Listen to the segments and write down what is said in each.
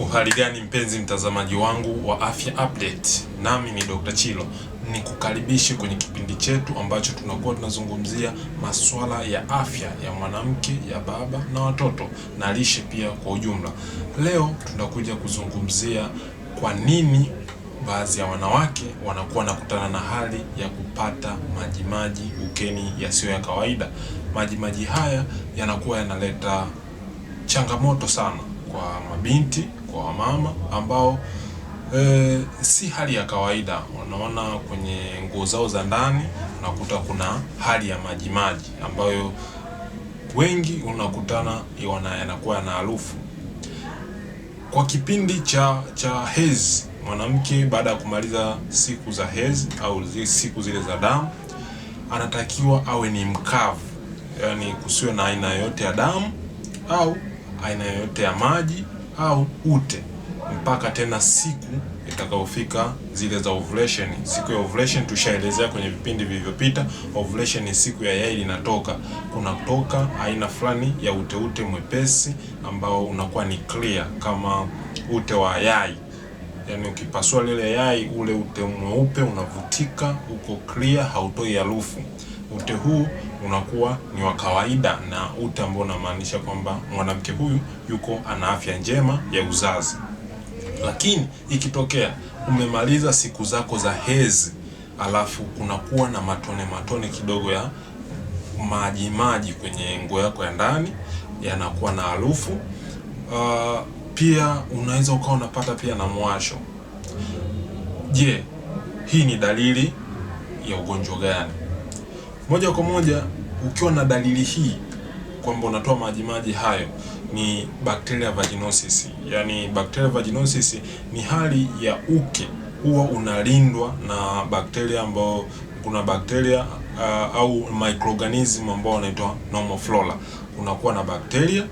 Uhali gani mpenzi mtazamaji wangu wa Afya Update, nami ni Dr. Chilo, nikukaribishe kwenye kipindi chetu ambacho tunakuwa tunazungumzia masuala ya afya ya mwanamke, ya baba na watoto na lishe pia kwa ujumla. Leo tunakuja kuzungumzia kwa nini baadhi ya wanawake wanakuwa nakutana na hali ya kupata majimaji ukeni yasiyo ya kawaida. Majimaji haya yanakuwa yanaleta changamoto sana kwa mabinti kwa wamama ambao e, si hali ya kawaida. Unaona kwenye nguo zao za ndani unakuta kuna hali ya majimaji ambayo wengi unakutana yanakuwa yana harufu. Kwa kipindi cha cha hezi. mwanamke baada ya kumaliza siku za hezi au zi, siku zile za damu anatakiwa awe ni mkavu, yaani kusiwe na aina yoyote ya damu au aina yoyote ya maji au ute mpaka tena siku itakayofika zile za ovulation. Siku ya ovulation tushaelezea kwenye vipindi vilivyopita. Ovulation ni siku ya yai linatoka, kunatoka aina fulani ya uteute mwepesi ambao unakuwa ni clear kama ute wa yai, yani ukipasua lile yai ule ute mweupe unavutika, uko clear, hautoi harufu ute huu unakuwa ni wa kawaida na ute ambao unamaanisha kwamba mwanamke huyu yuko ana afya njema ya uzazi. Lakini ikitokea umemaliza siku zako za hezi, alafu kunakuwa na matone matone kidogo ya maji maji kwenye nguo yako ya ndani, yanakuwa na harufu uh, pia unaweza ukawa unapata pia na mwasho. Je, hii ni dalili ya ugonjwa gani? Moja kwa moja ukiwa na dalili hii kwamba unatoa majimaji hayo ni bacteria vaginosis. Yani bacteria vaginosis ni hali ya uke huwa unalindwa na bakteria ambao kuna bakteria uh, au microorganism ambao wanaitwa normal flora. Kunakuwa na bakteria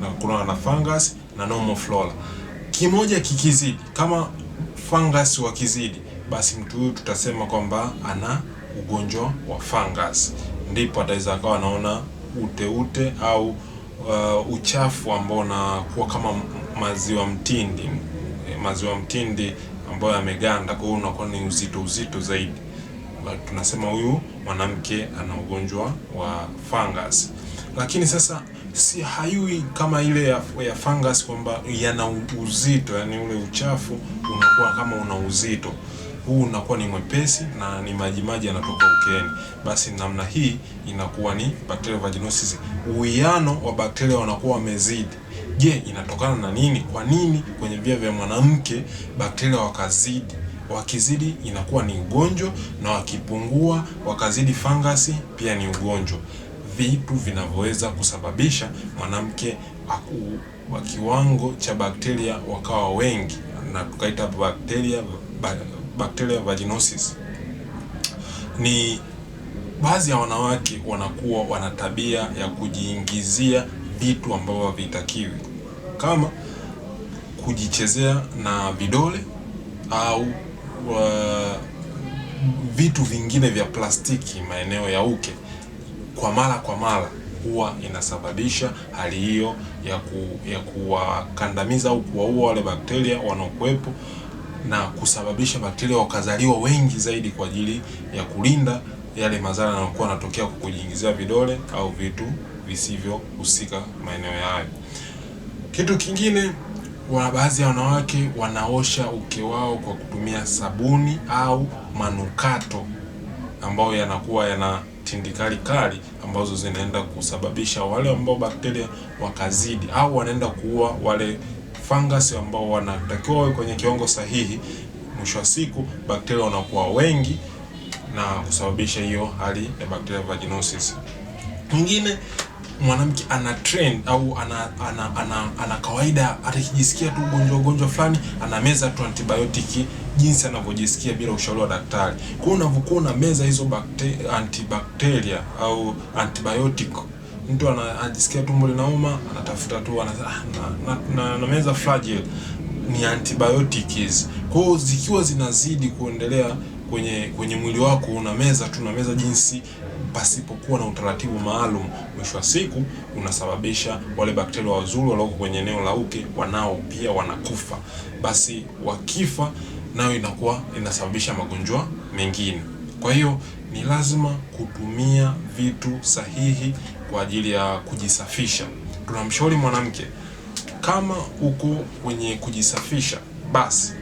na kuna na fungus na normal flora. Kimoja kikizidi, kama fungus wakizidi, basi mtu huyu tutasema kwamba ana ugonjwa wa fungus, ndipo ataweza akawa anaona ute ute au uh, uchafu ambao unakuwa kama maziwa mtindi, eh, maziwa mtindi ambayo yameganda, kwa hiyo unakuwa ni uzito uzito zaidi. Tunasema huyu mwanamke ana ugonjwa wa fungus, lakini sasa si hayui kama ile ya, ya fungus kwamba yana uzito, yani ule uchafu unakuwa kama una uzito huu unakuwa ni mwepesi na ni majimaji yanatoka ukeni, Basi namna hii inakuwa ni bacterial vaginosis. Uwiano wa bakteria wanakuwa wamezidi. Je, inatokana na nini? Kwa nini kwenye via vya mwanamke bakteria wakazidi? Wakizidi inakuwa ni ugonjwa, na wakipungua wakazidi fangasi pia ni ugonjwa. Vitu vinavyoweza kusababisha mwanamke wa kiwango cha bakteria wakawa wengi na tukaita bakteria ba bacterial vaginosis ni baadhi ya wanawake wanakuwa wana tabia ya kujiingizia vitu ambavyo havitakiwi kama kujichezea na vidole au uh, vitu vingine vya plastiki maeneo ya uke kwa mara kwa mara huwa inasababisha hali hiyo ya, ku, ya kuwakandamiza au kuwaua wale bakteria wanaokuwepo na kusababisha bakteria wakazaliwa wengi zaidi kwa ajili ya kulinda yale madhara yanayokuwa yanatokea kwa kujiingizia vidole au vitu visivyohusika maeneo yayo Kitu kingine, wana baadhi ya wanawake wanaosha uke wao kwa kutumia sabuni au manukato ambayo yanakuwa yana tindikali kali ambazo zinaenda kusababisha wale ambao bakteria wakazidi au wanaenda kuua wale fungus ambao wanatakiwa wawe kwenye kiwango sahihi. Mwisho wa siku bakteria wanakuwa wengi na kusababisha hiyo hali ya bacterial vaginosis. Mwingine mwanamke ana trend au ana ana, ana, ana kawaida atakijisikia tu ugonjwa ugonjwa fulani anameza tu antibiotic jinsi anavyojisikia bila ushauri wa daktari. Kwa hiyo unavyokuwa unameza hizo antibacteria au antibiotic mtu anajisikia tumbo linauma, anatafuta tu ana, ah, na, na, na meza flagyl ni antibiotic hizi. Kwa hiyo zikiwa zinazidi kuendelea kwenye kwenye mwili wako, una meza tu na meza jinsi pasipokuwa na utaratibu maalum, mwisho wa siku unasababisha wale bakteria wazuri walioko kwenye eneo la uke, wanao pia wanakufa. Basi wakifa, nayo inakuwa inasababisha magonjwa mengine. Kwa hiyo ni lazima kutumia vitu sahihi kwa ajili ya kujisafisha. Tunamshauri mwanamke kama uko kwenye kujisafisha, basi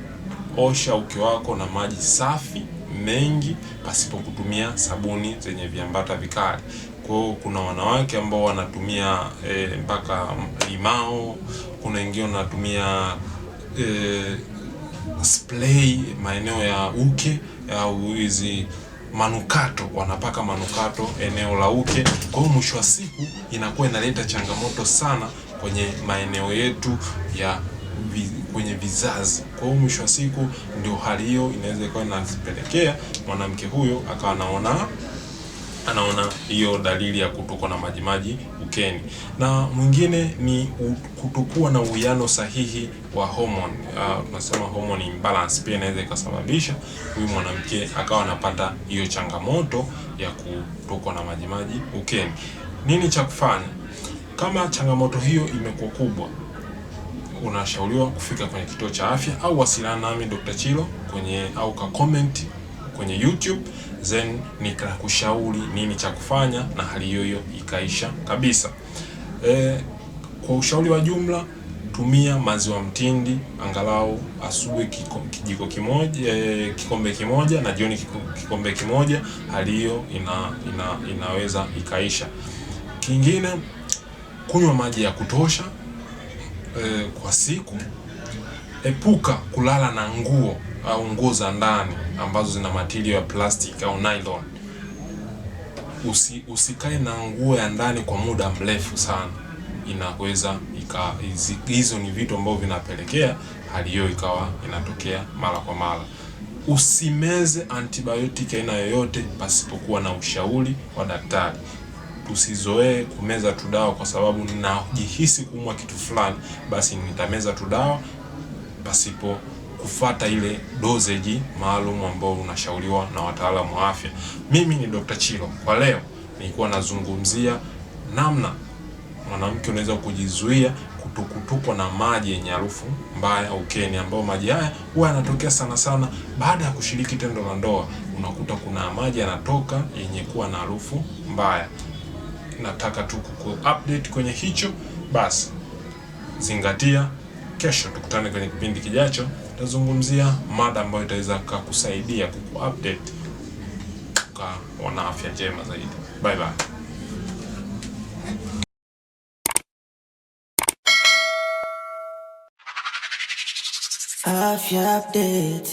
osha uke wako na maji safi mengi pasipo kutumia sabuni zenye viambata vikali. Kwa hiyo kuna wanawake ambao wanatumia e, mpaka limao, kuna wengine wanatumia e, spray maeneo ya uke au hizi manukato, wanapaka manukato eneo la uke. Kwa hiyo mwisho wa siku inakuwa inaleta changamoto sana kwenye maeneo yetu ya kwenye vizazi. Kwa hiyo mwisho wa siku ndio hali hiyo inaweza ikawa inapelekea mwanamke huyo akawa anaona anaona hiyo dalili ya kutokwa na majimaji ukeni. Na mwingine ni kutokuwa na uwiano sahihi wa hormone uh, tunasema hormone imbalance pia inaweza ikasababisha huyu mwanamke akawa anapata hiyo changamoto ya kutokwa na majimaji ukeni. Nini cha kufanya kama changamoto hiyo imekuwa kubwa? Unashauriwa kufika kwenye kituo cha afya au wasiliana nami Dr. Chilo kwenye au ka comment kwenye YouTube then nikakushauri nini cha kufanya na hali hiyo hiyo ikaisha kabisa. E, kwa ushauri wa jumla tumia maziwa mtindi angalau asubuhi kijiko kimoja, e, kikombe kimoja na jioni kikombe kimoja, hali hiyo ina, ina, inaweza ikaisha. Kingine, kunywa maji ya kutosha e, kwa siku. Epuka kulala na nguo au nguo za ndani ambazo zina material ya plastiki au nylon. Usi, usikae na nguo ya ndani kwa muda mrefu sana inaweza ika hizo ni vitu ambavyo vinapelekea hali hiyo ikawa inatokea mara kwa mara. Usimeze antibiotic aina yoyote pasipokuwa na ushauri wa daktari. Tusizoee kumeza tu dawa kwa sababu najihisi kuumwa kitu fulani, basi nitameza tu dawa pasipo kufata ile doseji maalum ambayo unashauriwa na wataalamu wa afya. Mimi ni Dr. Chilo. Kwa leo nilikuwa nazungumzia namna mwanamke unaweza kujizuia kutokutupwa na maji yenye harufu mbaya au keni, ambayo maji haya huwa yanatokea sana sana baada ya kushiriki tendo la ndoa. Unakuta kuna maji yanatoka yenye kuwa na harufu mbaya. Nataka tu kuku update kwenye hicho basi, zingatia. Kesho tukutane kwenye kipindi kijacho, tutazungumzia mada ambayo itaweza kukusaidia kuku update ukawa afya njema zaidi. Bye bye. Five-year update